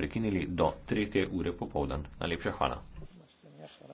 prekinili do tretje ure popovdan. Najlepša hvala.